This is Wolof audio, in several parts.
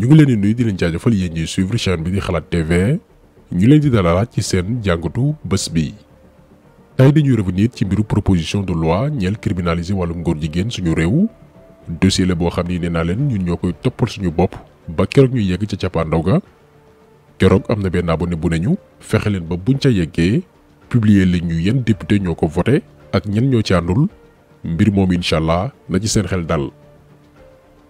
ñu ngi leen di nuyu di leen jaajëfal yéen suivre chaîne bi di xalaat TV ñu leen di dalalaat ci seen jàngatu bés bi. tey dañuy revenir ci mbiru proposition de loi ñeel criminaliser wàllum góor jigéen suñu réew dossier la boo xam ni nee naa leen ñun ñoo koy toppal suñu bopp ba keroog ñu yegg ca cappaandaw ga keroog am na benn abonné bu ne ñu fexe leen ba buñ ca yeggee publier li ñu yan député ñoo ko voté ak ñen ñoo ci àndul mbir moom incha allah na ci seen xel dal.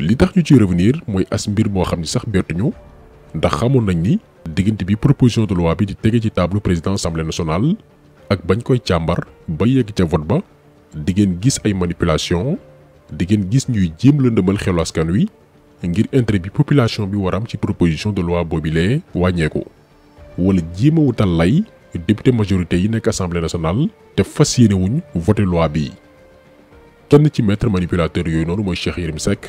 li tax ñu ci revenir mooy as mbir moo xam ni sax ñu ndax xamoon nañ ni diggante bi proposition de loi bi di tege ci table président assemblée nationale ak bañ koy càmbar ba yegg ca vote ba di ngeen gis ay manipulation di ngeen gis ñuy jéem lëndëmal xelu askan wi ngir intérêt bi population bi war ci proposition de loi boobilee wàññeeku wala jéem wutal lay député majorité yi nekk assemblée nationale te fas yéene wuñ voté loi bi kenn ci maître manipulateur yooyu noonu mooy Cheikh Yérim Seck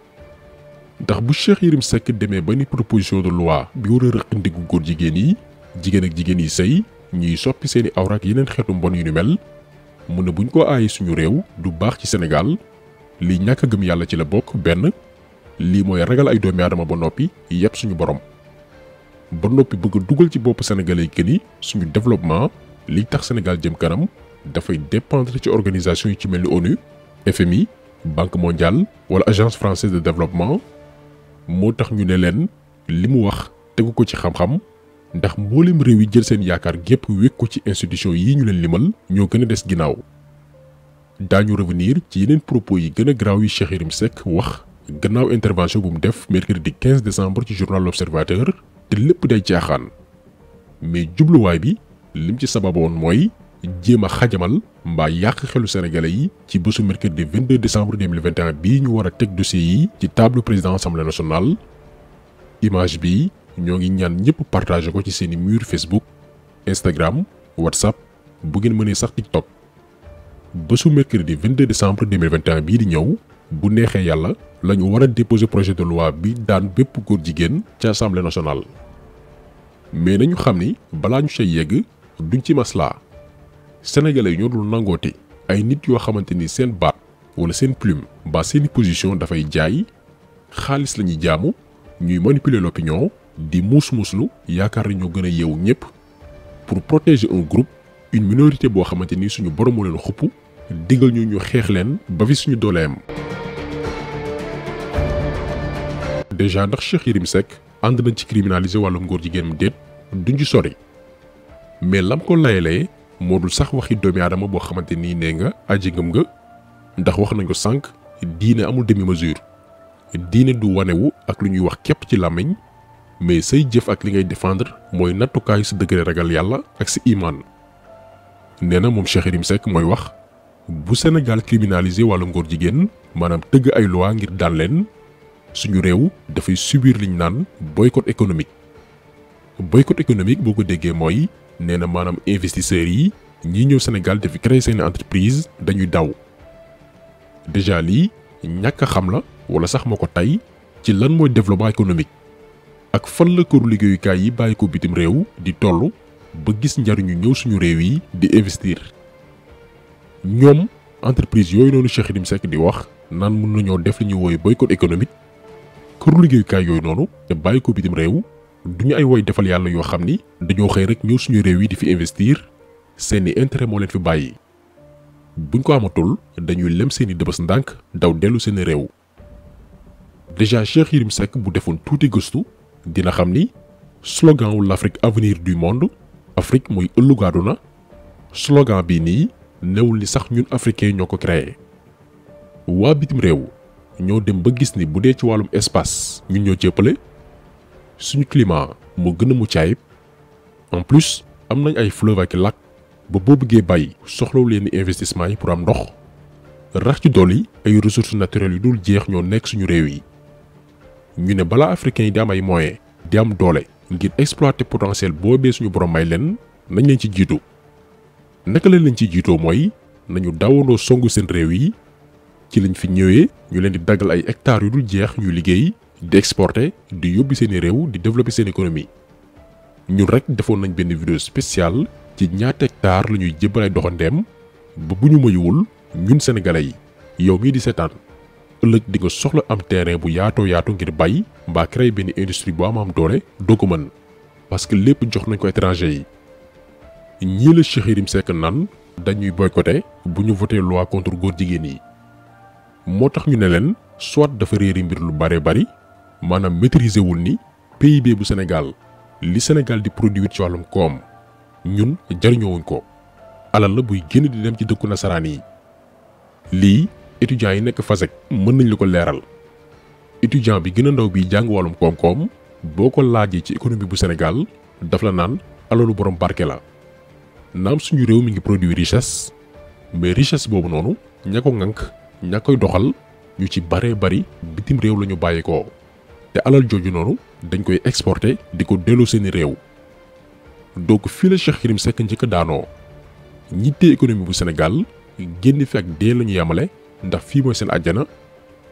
ndax bu Cheikh yirim Seck demee ba ni proposition de loi bi war a rëq ndiggu góor jigéen yi jigéen ak jigéen yi sëy ñuy soppi seeni awra ak yeneen xeetu mbon yu ni mel mu ne buñ ko aaye suñu réew du baax ci Sénégal li ñàkk gëm yàlla ci la bokk benn lii mooy ragal ay doomi aadama ba noppi yépp suñu borom ba noppi bëgg a dugal ci bopp sénégalais que ni suñu développement li tax Sénégal jëm kanam dafay dépendre ci organisation yi ci mel ni ONU FMI Banque mondiale wala Agence française de développement moo tax ñu ne leen li mu wax tegu ko ci xam-xam ndax mboolem réew yi jël seen yaakaar gépp wékk ko ci institution yi ñu leen limal ñoo gën a des ginnaaw daañu revenir ci yeneen propos yi gën a graaw yi Cheikh Yérim Seck wax gannaaw intervention bu mu def mercredi 15 décembre ci journal L'Observateur te lépp day caaxaan mais jubluwaay bi lim ci sababoon mooy jéem a xajamal mbaa yàq xelu sénégalais yi ci bésu mercredi 22 décembre 2021 bii ñu war a teg dossier yi ci table président assemblée nationale image bi ñoo ngi ñaan ñëpp partagé ko ci seeni mur Facebook Instagram WhatsApp bu ngeen mënee sax TikTok bésu mercredi 22 décembre 2021 bii di ñëw bu neexee yàlla lañu déposer projet de loi bi daan bépp góor jigéen ci assemblée nationale mais nañu xam ni balaa ñu say yegg duñ ci maslaa sénégalais ñoo dul nangooti ay nit yo xamanteni seen wala seen plume ba seeni position fay jaay ont lañu jaamu ñuy manipuler l'opinion di muus muuslu yew » a pour protéger un groupe une minorité qui xamanteni suñu borom leen digal ñu ñu xex leen ba suñu déjà ndax Cheikh ci criminaliser duñ ci mais lam ko modul sax waxi doomi adama bo xamanteni ne nga aji ngam nga ndax wax nañ ko sank diine amul demi mesure diine du wanewu ak lu ñuy wax kep ci lamagne mais sey jëf ak li ngay défendre mooy nattukaayu su degré ragal yalla ak sa iman nee mom Cheikh Yerim sek moy wax bu Sénégal criminaliser walu ngor jigen manam teug ay loi ngir len suñu da fay subir liñ boycott économique boycott économique boko déggé moy. néna manam investisseur investisseurs yi ñi au Sénégal avons créer une entreprise dañuy daw déjà li ñàkk xam la wala sax ko ci lan développement économique ak fan la këru liggéeyukaay yi bàyyi bitim réew di toll ba gis njariñu ñëw suñu yi di investir entreprise yooyu noonu Cheikh Idim di wax li boycott économique du ñu ay woy defal yàlla yoo xam ni dañoo xëy rek ñëw suñu réew yi di fi investir seeni intérêt moo leen fi bàyyi buñ ko amatul dañuy lem seeni dëbës ndànk daw dellu seeni réew déjà Cheikh Yérim Seck bu defoon tuuti gëstu dina xam ni slogan wu l'Afrique avenir du monde Afrique mooy ëllëgu na slogan bii nii newul ni sax ñun africains ñoo ko créé waa bitim réew ñoo dem ba gis ni bu dee ci wàllum espace ñun ñoo cëppale suñu climat moo gën a mucc en plus am nañ ay fleuve ak lac ba boo bëggee bàyyi soxlaw leen ni investissement yi pour am ndox rax ci yi ay ressources naturelles yu dul jeex ñoo nekk suñu réew yi ñu ne balaa africains yi di am ay moyens di am doole ngir exploiter potentiel boobee suñu borom may leen nañ leen ci jiitu naka la leen ci jiitoo mooy nañu daawandoo songu seen réew yi ci lañ fi ñëwee ñu leen di daggal ay hectares yu dul jeex ñuy liggéey di exporter di yóbbu seeni réew di développer seen économie ñun rek defoon nañ benn vidéo spéciale ci ñaata hectare la ñuy jébbalay doxandeem ba bu ñu mayuwul ñun sénégalais yi yow mii di seetaan ëllëg di nga soxla am terrain bu yaatoo yaatu ngir bay mbaa créer benn industrie bu am am doole doo ko mën parce que lépp jox nañ ko étranger yi ñii la Cheikh Yérim Seck nan dañuy boycotter bu ñu voté loi contre góor jigéen yi moo tax ñu ne leen soit dafa réeri mbir lu bare bari Mana maîtriser wul ni PIB bu Sénégal li Sénégal di produire ci walum kom ñun wuñ ko alal la buy gën di dem ci dëkku nasaraan yi lii ke yi nek fasek mën nañ lako léral étudiant bi gën ndaw bi jang walum kom kom boko ko ci économie bu Sénégal daf la naan alalu borom barké la nam suñu réew mi ngi produire richesse mais richesse bobu nonu ñako ngank ñakoy doxal ñu ci bari bitim réew lañu bayiko ko te alal jooju noonu dañ koy exporter di ko delloo seeni réew donc fii la Cheikh Yérim Seck njëkk daanoo ñi téye bu Sénégal génn fi ak dee la ñu yamale ndax fii mooy seen àjjana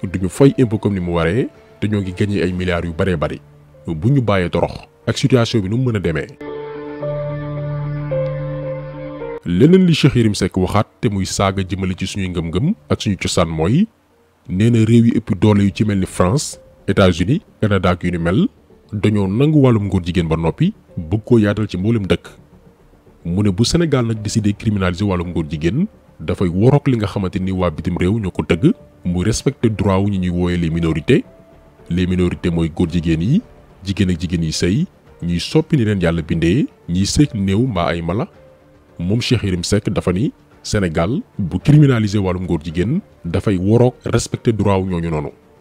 duñu fay impôt comme ni mu waree te ñoo ngi gagné ay milliards yu baree bari bu ñu bàyyee torox ak situation bi nu mu mën a demee. leneen li Cheikh Yérim Seck waxaat te muy saaga jëmale ci suñuy ngëm-ngëm ak suñu cosaan mooy nee na réew yi ëpp doole yu ci mel ni France. États-Unis Canada ak yu ni mel dañoo nangu wàllum ngóor jigéen ba noppi bëgg ko yaatal ci mboolem dëkk mu ne bu Sénégal nag décidé criminaliser wàllum ngóor jigéen dafay worook li nga xamante ni waa bitim réew ñoo ko tëgg respecté droit wu ñu ñuy wooyee les minorités les minorités mooy góor jigéen yi jigéen ak jigéen yi sëy ñuy soppi leen yàlla bindee ñiy seeg néew mbaa ay mala moom Cheikh Yérim dafa ni Sénégal bu criminaliser wàllum ngóor jigéen dafay woroog respecté droit wu ñooñu noonu.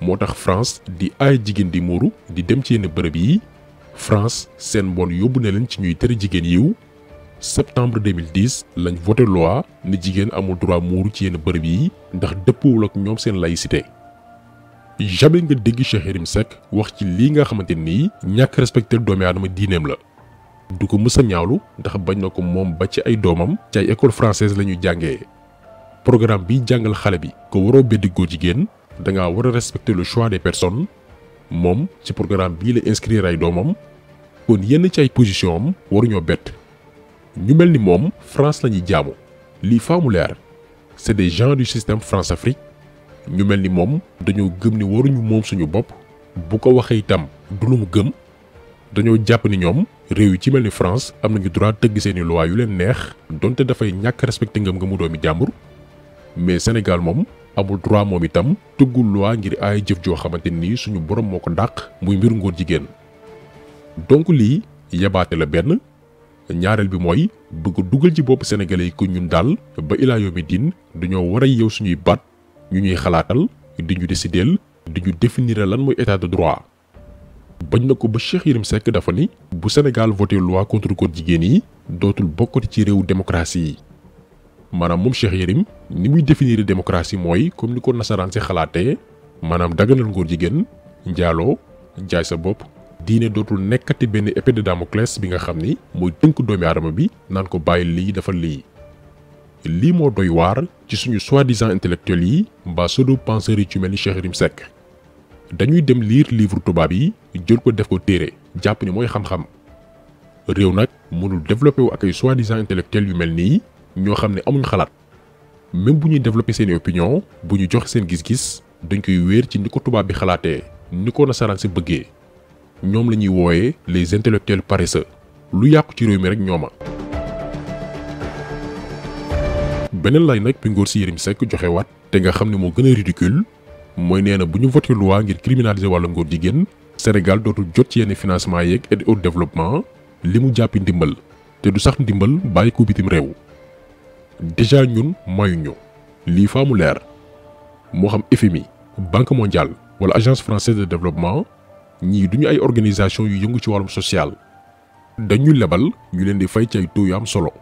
moo tax France di aay jigéen di muuru di dem ci yenn bërëb yi France seen mbon yóbbu ne leen ci ñuy tere jigéen yiw septembre 2010 lañ voté loi ne jigéen amul droit muuru ci yenn bërëb yi ndax dëppoowul ak ñoom seen laïcité. jamais nga dégg Cheikh Yérim Seck wax ci lii nga xamante ni ñàkk respecté doomi aadama diineem la. du ko mës a ñaawlu ndax bañ na ko moom ba ci ay doomam ci ay école française la ñu jàngee programme bi jàngal xale bi ko waroo beddi góor jigéen da ngaa war a respecter le choix des personnes moom ci programme bii la inscrire ay doomam kon yenn ci ay position am waruñoo bett ñu mel ni moom France la ñuy jaamu lii faaw mu leer c'est des gens du système France-Afrique ñu mel ni moom dañoo gëm ni waruñu moom suñu bopp bu ko waxee itam du lu mu gëm dañoo jàpp ni ñoom réew yi ci mel ni France am nañu droit tëgg seeni loi yu leen neex donte dafay ñàkk respecté ngëm-ngëmu doomi jàmbur mais Sénégal moom amul droit moom itam tuggul loi ngir ay jëf joo xamante ni suñu borom moo ko dàq muy mbir ngóor jigéen donc lii yabaate la benn ñaareel bi mooy bëgg dugal ci bopp sénégalais ko ñun daal ba ilaa yawmi diin dañoo war a yeew suñuy baat ñu ñuy xalaatal di ñu décideel di ñu définir lan mooy état de droit bañ na ko ba Cheikh Yérim Seck dafa ni bu Sénégal voté loi contre góor jigéen yi dootul bokkati ci réew démocratie yi maanaam moom Cheikh Yérim ni muy définir démocratie mooy comme ni ko nasaraan si xalaatee maanaam daganal ngóor jigéen njaaloo njaay sa bopp diine dootul nekkati benn épée de Damoclès bi nga xam ni mooy tënk doomi aadama bi naan ko bàyyi lii defal lii lii moo doy waar ci suñu soi-disant intellectuels yi mbaa pseudo penseurs yi ci mel ni Cheikh Yérim Seck dañuy dem liir livre tubaab yi jël ko def ko téere jàpp ni mooy xam-xam réew nag mënul développé wu ak ay soi-disant yu mel nii ñoo xam ne amuñ xalaat même bu ñuy développé opinion bu ñu joxe seen gis-gis dañ koy wéer ci ni ko tubaab bi xalaatee ni ko nasaraan si bëggee ñoom la les intellectuels paresseux lu yàqu ci réew mi rek ñooma beneen lay nag bi si te nga xam ne ridicule mooy nee na bu ñu voté loi ngir criminaliser wàllu ngóor jigéen Sénégal dootul jot ci yenn financement au développement te du sax déjà ñun mayuñu lii faa mu leer mo xam FMI banque mondiale wala agence française de développement ni duñu ay organisation yu yëngu ci social dañu lebal ñu leen di fay ci ay taux yu solo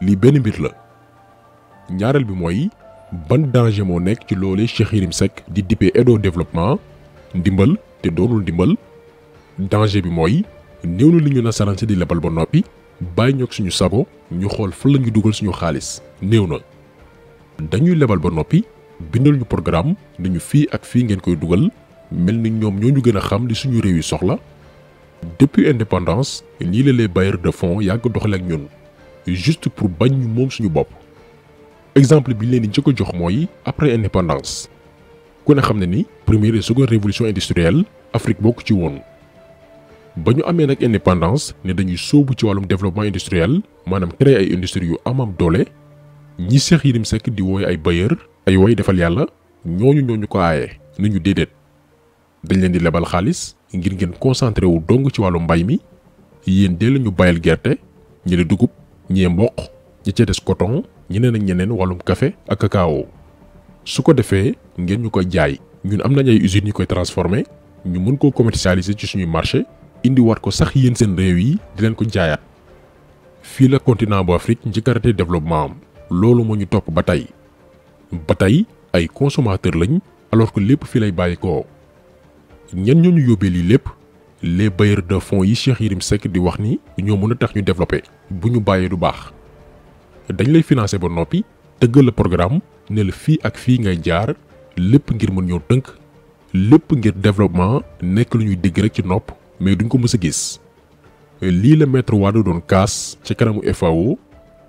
li benn mbir la bi ban danger moo nekk ci loolee Cheikh Yérim di développement ndimbal te doonul ndimbal danger bi mooy néew na li ñu di lebal bàyyi ñoog suñu sabo ñu xol fan lañu duggal suñu xaaliss néew na dañuy lebal ba nopi bindal ñu programme nañu fi ak fi ngeen koy duggal melni ni ñoom ñoo ñu a xam li suñu réew yi soxla depuis indépendance ni le les bailleurs de fonds yàgg doxaleek ñun juste pour bañ ñu moom suñu bop exemple bi leen di njëkk jox moy après indépendance ku ne xam ni première et seconde révolution industrielle Afrique bokk ci woon. ba ñu amee nag indépendance né dañuy soobu ci walum développement industriel manam créer ay industrie yu amam doolé ñi Cheikh Yérim Seck di woy ay bayeur ay woy defal yalla ñoñu ñoñu ko ni nañu dédét dañ leen di lebal xaalis ngir ngeen concentré wu dong ci walum mbay mi yeen dee la ñu bàyyil gerte ñi la dugub ñi mbokk ñi ci dess coton ñeneen ak ñeneen walum café ak cacao su ko défé ngeen ñu jaay ñun am nañ ay koy ñu mën ko commercialiser ci suñu marché indi wat ko sax yeen seen rew yi di len ko jaayat fi la continent bu Afrique ci carte développement lolu loolu moo ñu topp ba tey ba tey ay consommateur lañ alors que lepp fi lay bàyyi ko ñen ñu yobé li lepp les bailleurs de fonds yi Cheikh yirim sek di wax ni ñoo mëna tax ñu développer bu ñu bàyyee du bax dañ lay financer ba nopi teugul le programme ne le fi ak fi ngay jaar lepp ngir mëna ñoo teunk lepp ngir développement nek lu ñuy dégg rek ci nopi mais duñ ko gis euh, lii la maître Wadou doon kaas ci kanamu FAO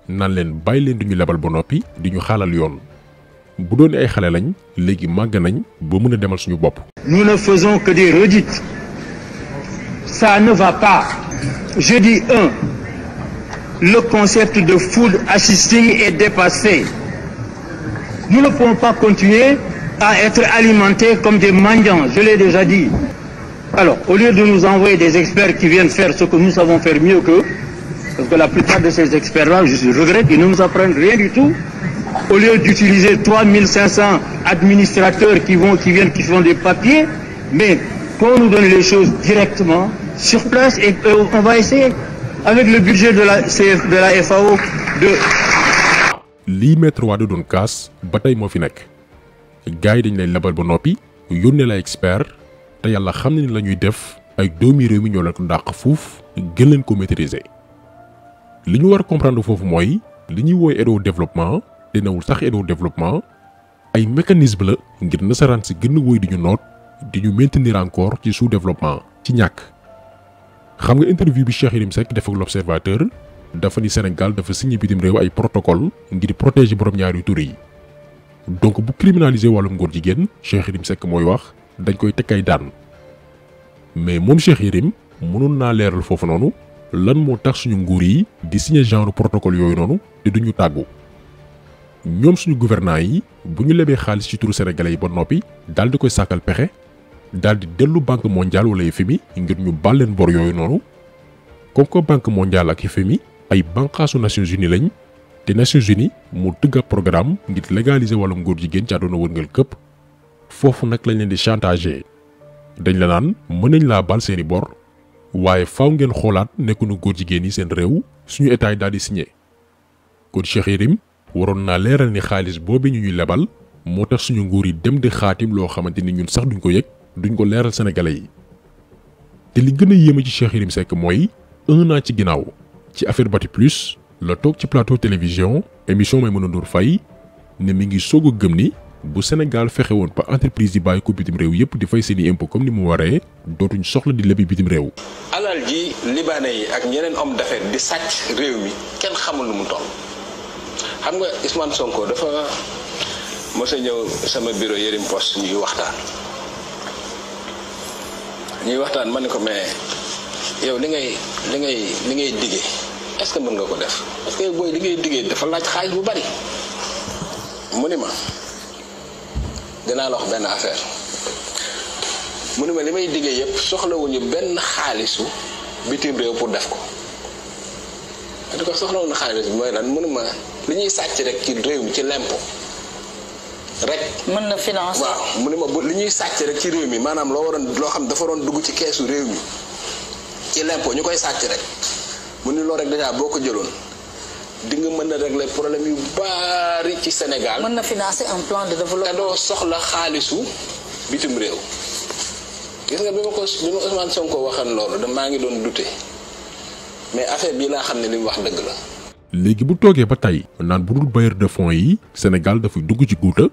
nan leen bàyyi leen duñu lebal ba noppi diñu xaalal bu doon ay xale lañ léegi màgg nañ ba demal suñu nous ne faisons que des redites ça ne va pas je dis un le concept de food assisting est dépassé nous ne pouvons pas continuer à être alimentés comme des mendiants je l'ai déjà dit. Alors, au lieu de nous envoyer des experts qui viennent faire ce que nous savons faire mieux qu'eux, parce que la plupart de ces experts-là, je regrette, ils ne nous apprennent rien du tout. Au lieu d'utiliser 3500 administrateurs qui, vont, qui viennent, qui font des papiers, mais qu'on nous donne les choses directement, sur place, et euh, on va essayer, avec le budget de la, CF, de la FAO, de... expert te yàlla xam na ni la ñuy def ay doomi réew mi ñoo leen ko ndàq fuuf gën leen ko maîtriser li ñu war a comprendre foofu mooy li ñuy wooy aide au développement te newul sax aide au développement ay mécanisme la ngir nasaraan si gën a woy di ñu noot di ñu maintenir encore ci sous développement ci ñàkk. xam nga interview bi Cheikh Yérim Seck def ak l'observateur dafa ni Sénégal dafa signé bitim réew ay protocole ngir protéger borom ñaari tur yi donc bu criminaliser wàllum góor jigéen Cheikh Yérim Seck mooy wax. dañ koy teg ay daan mais moom Cheikh Yérim mënoon naa leeral foofu noonu lan moo tax suñu nguur yi di signé genre protocole yooyu noonu te duñu tàggu ñoom suñu gouvernants yi bu ñu lebee xaalis ci turu sénégalais yi ba noppi daal di koy sàkkal pexe dal di dellu banque mondiale wala FMI ngir ñu baal bor yooyu noonu comme que banque mondiale ak FMI ay banqaasu Nations Unies lañ te Nations Unies mu tëgg programme ngir légaliser wàllum góor jigéen ci àdduna wërngal këpp foofu nag lañ leen di chantage dañ la naan mën nañ laa bal seeni bor waaye faaw ngeen xoolaat nekkunu góor jigéen yi seen réew suñu état yi daal di signé kon Cheikh waroon naa leeral ni xaalis boobu ñu ñuy lebal moo tax suñu nguur yi dem di xaatim loo xamante ni ñun sax duñ ko yëg duñ ko leeral sénégalais yi te li gën a yéeme ci Cheikh Yérim mooy un naa ci ginnaaw ci affaire Bati Plus la toog ci plateau télévision émission Maimouna Ndour fay ne mi ngi soog a gëm ni bu senegal fexé won ba entreprise di bay ko bitim rew yépp di fay seeni impôt comme ni mu waré dotuñ soxla di lebi bitim rew alal ji libanais ak ñeneen homme d'affaires di sacc rew mi kenn xamul nu mu toll xam nga Ousmane Sonko dafa mos a ñëw sama bureau Yérim poste ñuy waxtaan ñuy waxtaan ma ko mais yow li ngay li ngay li ngay diggé est-ce que mën nga ko def est ce que boy li ngay diggé dafa laaj xaalis bu bari mu ni ma. dinaa la benn affaire mu ma li may diggee yépp soxlawuñu benn xaalisu bitim réew pour def ko di ko soxlawuñu xaalis bi mooy lan mu ma li ñuy sàcc rek ci réew mi ci lempo rek. mën na finance waaw mu ne ma bu li ñuy sàcc rek ci réew mi maanaam loo waroon loo xam dafa doon dugg ci keesu réew mi ci lempo ñu koy sàcc rek mu ne rek déjà boo ko jëloon. di nga mën na régler problème yu bari ci Sénégal. mën na financer un plan de développement. te doo soxla xaalisu bitim réew. gis nga bi ma ko bi ma Ousmane Sonko loolu damaa ngi doon douter mais affaire bii laa xam ne li wax dëgg la. léegi bu toogee ba tey naan bu dul bailleur de fonds yi Sénégal dafay dugg ci guuta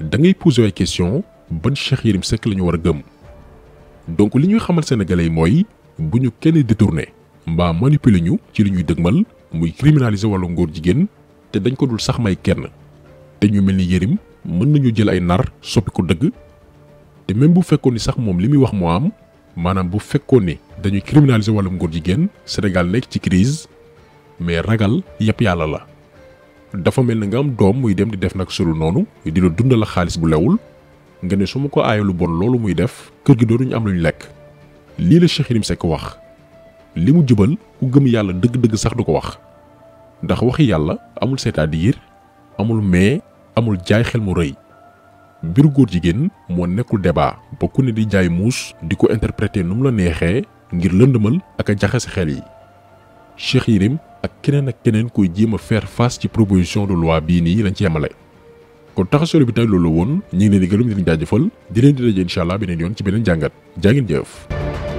da ngay poser ay question ban Cheikh Yérim Seck la ñu war a gëm donc li ñuy xamal sénégalais mooy bu ñu kenn détourné mbaa manipuler ñu ci li ñuy dëgmal. muy criminaliser walu ngor jigen te dañ ko dul sax may kenn te ñu melni yërim mën nañu jël ay nar soppi ko dëgg te même bu fekkoni sax mom limi wax mo am manam bu fekkoni dañu criminaliser walu ngor jigen Sénégal nek ci crise mais ragal yëpp yalla la dafa mel nga am dom muy dem di def nak sulu nonu di la dundal xaliss bu lewul nga ne su ko ayelu bon lolu muy def kër gi dootuñu am luñ lek li le Cheikh wax li mu jubal ku gëm yàlla dëgg-dëgg sax du ko wax ndax waxi yàlla amul c'est-à-dire amul mais amul jaay xel mu rëy mbiru góor jigéen moo nekkul debaa ba ku ne di jaay muus di ko interpréter nu mu la neexee ngir lëndëmal ak a jaxase xel yi Cheikh Yérim ak keneen ak keneen kuy jéem a faire face ci proposition de loi bii nii lañ ci yemale. kon taxasolo bi tey loolu woon ñu ngi leen di gërëm di leen jaajëfal di leen di daje incha allah beneen yoon ci beneen jàngat jaa ngeen jëf.